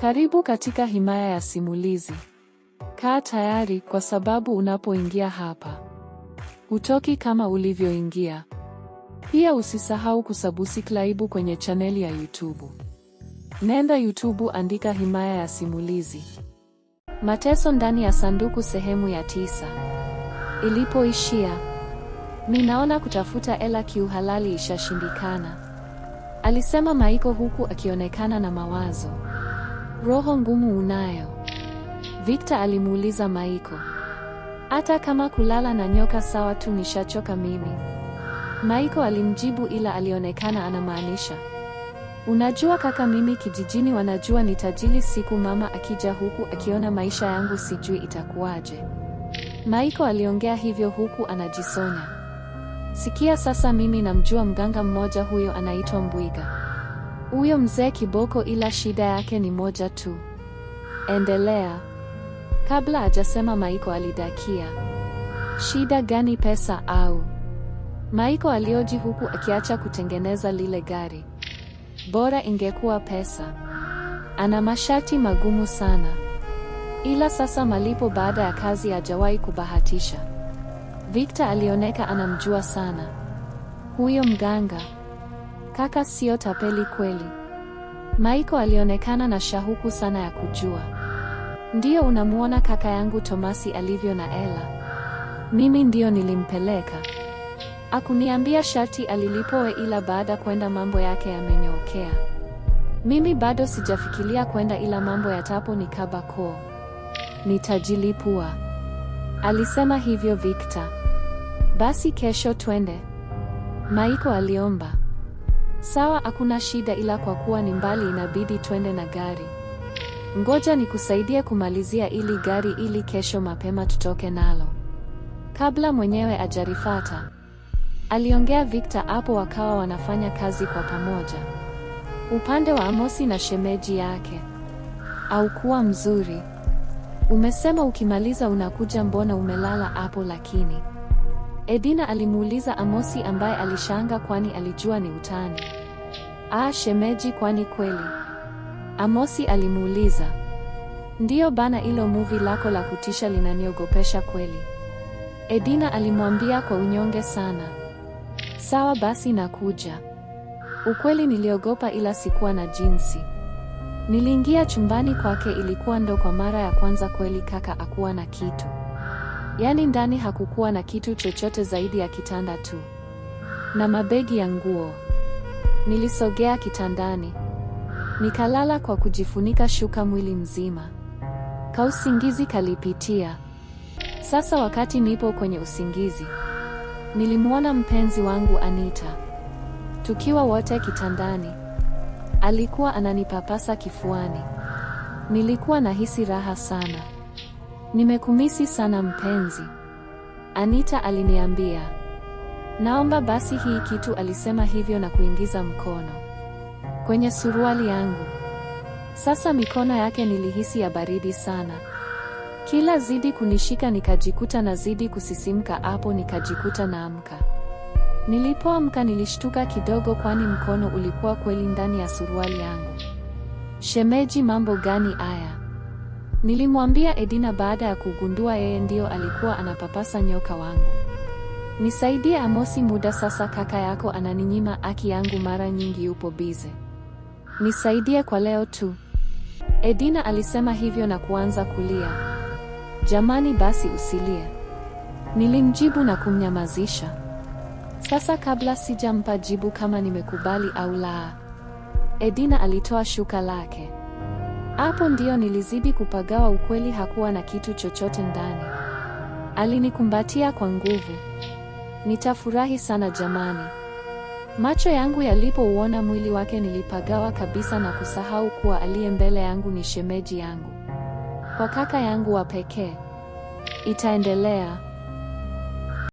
Karibu katika himaya ya simulizi. Kaa tayari kwa sababu unapoingia hapa hutoki kama ulivyoingia. Pia usisahau kusabusi klaibu kwenye chaneli ya YouTube. Nenda YouTube, andika himaya ya simulizi. Mateso ndani ya sanduku sehemu ya tisa. Ilipoishia, ninaona kutafuta ela kiuhalali ishashindikana, alisema Maiko huku akionekana na mawazo. Roho ngumu unayo? Victor alimuuliza Maiko. Hata kama kulala na nyoka sawa tu, nishachoka mimi. Maiko alimjibu ila alionekana anamaanisha. Unajua kaka, mimi kijijini wanajua ni siku mama akija huku akiona maisha yangu sijui itakuwaje. Maiko aliongea hivyo huku anajisonya. Sikia sasa, mimi namjua mganga mmoja, huyo anaitwa Mbwiga. Huyo mzee kiboko, ila shida yake ni moja tu. Endelea. Kabla hajasema Maiko alidakia, shida gani? Pesa au? Maiko alioji huku akiacha kutengeneza lile gari. Bora ingekuwa pesa. Ana masharti magumu sana, ila sasa malipo baada ya kazi hajawahi kubahatisha. Victor alioneka anamjua sana huyo mganga. Kaka sio tapeli kweli? Maiko alionekana na shauku sana ya kujua. Ndiyo, unamuona kaka yangu Tomasi alivyo na ela Mimi ndiyo nilimpeleka. Akuniambia sharti alilipowe, ila baada kwenda mambo yake yamenyokea. Mimi bado sijafikilia kwenda, ila mambo yatapo nikaba koo, nitajilipua. Alisema hivyo Victor. Basi kesho twende, Maiko aliomba. Sawa, hakuna shida, ila kwa kuwa ni mbali inabidi twende na gari. Ngoja nikusaidie kumalizia ili gari ili kesho mapema tutoke nalo kabla mwenyewe ajarifata, aliongea Victor. Hapo wakawa wanafanya kazi kwa pamoja. Upande wa Amosi na shemeji yake aukuwa mzuri. Umesema ukimaliza unakuja, mbona umelala hapo? Lakini Edina alimuuliza Amosi ambaye alishanga kwani alijua ni utani. Ah, shemeji kwani kweli? Amosi alimuuliza. Ndiyo bana ilo muvi lako la kutisha linaniogopesha kweli. Edina alimwambia kwa unyonge sana. Sawa basi nakuja. Ukweli niliogopa ila sikuwa na jinsi. Niliingia chumbani kwake ilikuwa ndo kwa mara ya kwanza kweli kaka akuwa na kitu. Yaani ndani hakukuwa na kitu chochote zaidi ya kitanda tu na mabegi ya nguo. Nilisogea kitandani nikalala kwa kujifunika shuka mwili mzima. Kausingizi kalipitia. Sasa wakati nipo kwenye usingizi, nilimwona mpenzi wangu Anita tukiwa wote kitandani. Alikuwa ananipapasa kifuani. Nilikuwa nahisi raha sana. Nimekumisi sana mpenzi, Anita aliniambia. Naomba basi hii kitu. Alisema hivyo na kuingiza mkono kwenye suruali yangu. Sasa mikono yake nilihisi ya baridi sana, kila zidi kunishika nikajikuta na zidi kusisimka. Hapo nikajikuta naamka. Nilipoamka nilishtuka kidogo, kwani mkono ulikuwa kweli ndani ya suruali yangu. Shemeji, mambo gani haya? Nilimwambia Edina baada ya kugundua yeye ndiyo alikuwa anapapasa nyoka wangu. Nisaidie Amosi muda sasa, kaka yako ananinyima aki yangu, mara nyingi yupo bize. Nisaidie kwa leo tu. Edina alisema hivyo na kuanza kulia. Jamani, basi usilie, nilimjibu na kumnyamazisha. Sasa kabla sijampa jibu kama nimekubali au la, Edina alitoa shuka lake. Hapo ndio nilizidi kupagawa. Ukweli hakuwa na kitu chochote ndani. Alinikumbatia kwa nguvu. Nitafurahi sana jamani. Macho yangu yalipouona mwili wake nilipagawa kabisa na kusahau kuwa aliye mbele yangu ni shemeji yangu, kwa kaka yangu wa pekee. Itaendelea.